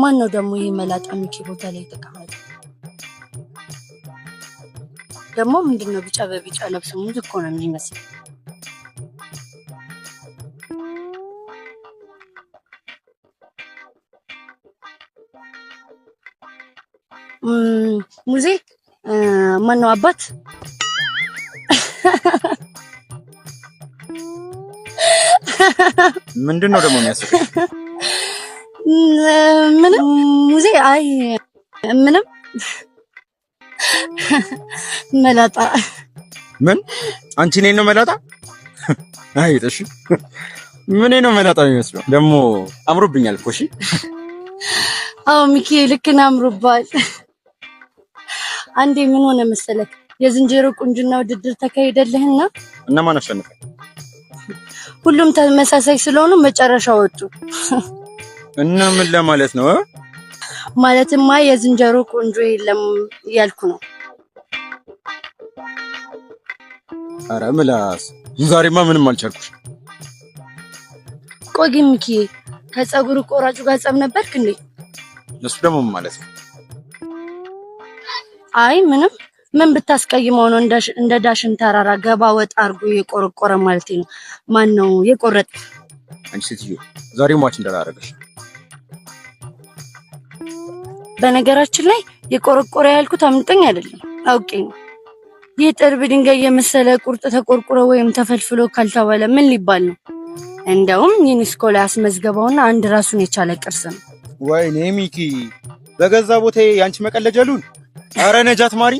ማን ነው ደግሞ ይህ መላጣ ሚኪ ቦታ ላይ የተቀመጠ? ደግሞ ምንድን ነው ቢጫ በቢጫ ለብሶ ሙዝ እኮ ነው የሚመስል። ሙዜ ማን ነው አባት? ምንድን ነው ደግሞ የሚያስብ ምንም ሙዜ አይ ምንም መላጣ ምን አንቺ እኔን ነው መላጣ? አይ እሺ፣ ምን ነው መላጣ የሚመስለው? ደግሞ አምሮብኛል እኮ እሺ። አዎ ሚኪ፣ ልክን አምሮባል። አንዴ ምን ሆነ መሰለክ የዝንጀሮ ቁንጅና ውድድር ተካሄደልህና እና ማን አሸነፈ? ሁሉም ተመሳሳይ ስለሆኑ መጨረሻ ወጡ። እና ምን ለማለት ነው? ማለትማ የዝንጀሮ ቆንጆ የለም እያልኩ ነው። አረ ምላስ፣ ዛሬማ ምንም አልቻልኩሽ። ቆይ ግን ሚኪዬ ከፀጉር ቆራጩ ጋር ጸብ ነበርክ እንዴ? እሱ ደግሞ ማለት ነው? አይ ምንም ምን ብታስቀይመው ነው እንደ ዳሽን ተራራ ገባ ወጣ አድርጎ የቆረቆረ ማለት ነው። ማን ነው የቆረጠ? አንቺ ሴትዮ ዛሬ ሟች እንዳላረገሽ። በነገራችን ላይ የቆረቆረ ያልኩት አምልጠኝ አይደለም አውቄ ነው። ይህ ጥርብ ድንጋይ የመሰለ ቁርጥ ተቆርቁሮ ወይም ተፈልፍሎ ካልተባለ ምን ሊባል ነው? እንደውም ዩኒስኮ ላይ አስመዝገባውና አንድ ራሱን የቻለ ቅርስ ነው። ወይኔ ሚኪ፣ በገዛ ቦታ የአንቺ መቀለጀሉን አረ ነጃት ማሪ